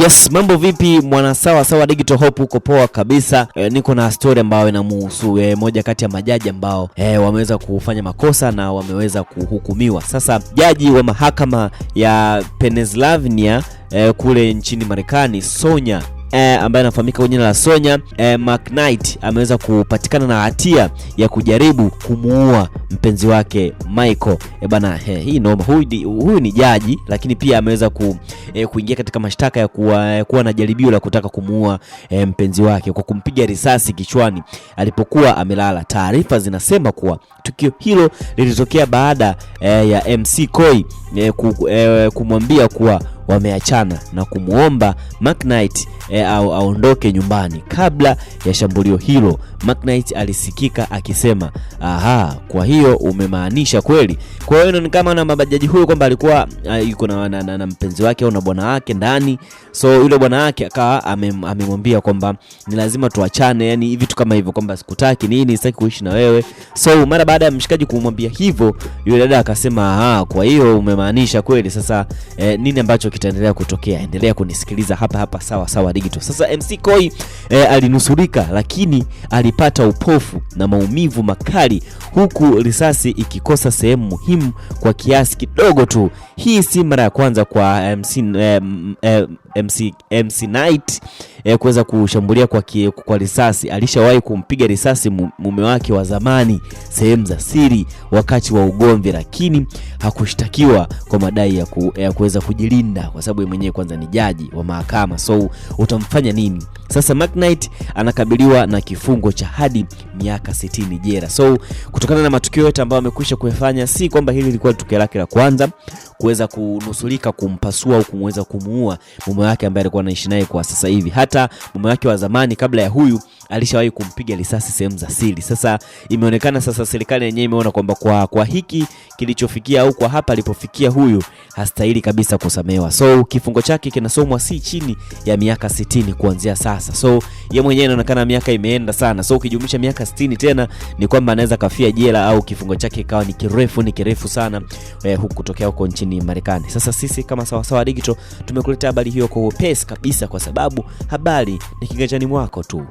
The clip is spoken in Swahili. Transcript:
Yes, mambo vipi mwana sawa sawa digital hope, uko poa kabisa. E, niko na story ambayo inamuhusu e, moja kati ya majaji ambao e, wameweza kufanya makosa na wameweza kuhukumiwa. Sasa jaji wa mahakama ya Pennsylvania e, kule nchini Marekani sonya eh, ambaye anafahamika kwa jina la Sonya eh, McKnight ameweza kupatikana na hatia ya kujaribu kumuua mpenzi wake Michael. Eh, bana eh, hii noma. Huyu, ni jaji lakini pia ameweza ku, eh, kuingia katika mashtaka ya kuwa, eh, kuwa na jaribio la kutaka kumuua eh, mpenzi wake kwa kumpiga risasi kichwani alipokuwa amelala. Taarifa zinasema kuwa tukio hilo lilitokea baada eh, ya MC Koi eh, eh, kumwambia kuwa wameachana na kumwomba McKnight e, eh, au aondoke nyumbani. Kabla ya shambulio hilo, McKnight alisikika akisema aha, kwa hiyo umemaanisha kweli. Kwa hiyo ni kama na mabajaji huyo kwamba alikuwa eh, yuko na, na, na, na mpenzi wake au na bwana wake ndani, so yule bwana wake akawa amemwambia kwamba ni lazima tuachane, yani vitu kama hivyo kwamba sikutaki nini, sitaki kuishi na wewe. So mara baada ya mshikaji kumwambia hivyo, yule dada akasema aha, kwa hiyo umemaanisha kweli. Sasa eh, nini ambacho kitaendelea kutokea. Endelea kunisikiliza hapa hapa sawa sawa digital. Sasa MC Koi e, alinusurika lakini alipata upofu na maumivu makali, huku risasi ikikosa sehemu muhimu kwa kiasi kidogo tu. Hii si mara ya kwanza kwa MC, e, eh, e, eh, MC, MC Knight eh, kuweza kushambulia kwa, kie, kwa risasi. Alishawahi kumpiga risasi mume wake wa zamani sehemu za siri wakati wa ugomvi, lakini hakushtakiwa kwa madai ya, ku, ya kuweza kujilinda kwa sababu yeye mwenyewe kwanza ni jaji wa mahakama, so utamfanya nini sasa Mark Knight anakabiliwa na kifungo cha hadi miaka 60 jela. So kutokana na matukio yote ambayo amekwisha kuyafanya, si kwamba hili lilikuwa tukio lake la kwanza kuweza kunusulika kumpasua au kumweza kumuua mume wake ambaye alikuwa anaishi naye kwa sasa hivi. Hata mume wake wa zamani kabla ya huyu alishawahi kumpiga risasi sehemu za siri. Sasa imeonekana sasa serikali yenyewe imeona kwamba kwa, kwa hiki kilichofikia au kwa hapa alipofikia huyu hastahili kabisa kusamewa, so kifungo chake kinasomwa si chini ya miaka sitini kuanzia sasa. So yeye mwenyewe inaonekana miaka imeenda sana, so ukijumlisha miaka sitini tena ni kwamba anaweza kafia jela au kifungo chake ikawa ni kirefu, ni kirefu sana eh, huku kutokea huko nchini Marekani. Sasa sisi kama Sawasawa Digital tumekuletea habari hiyo kwa upesi kabisa, kwa sababu habari ni kiganjani mwako tu.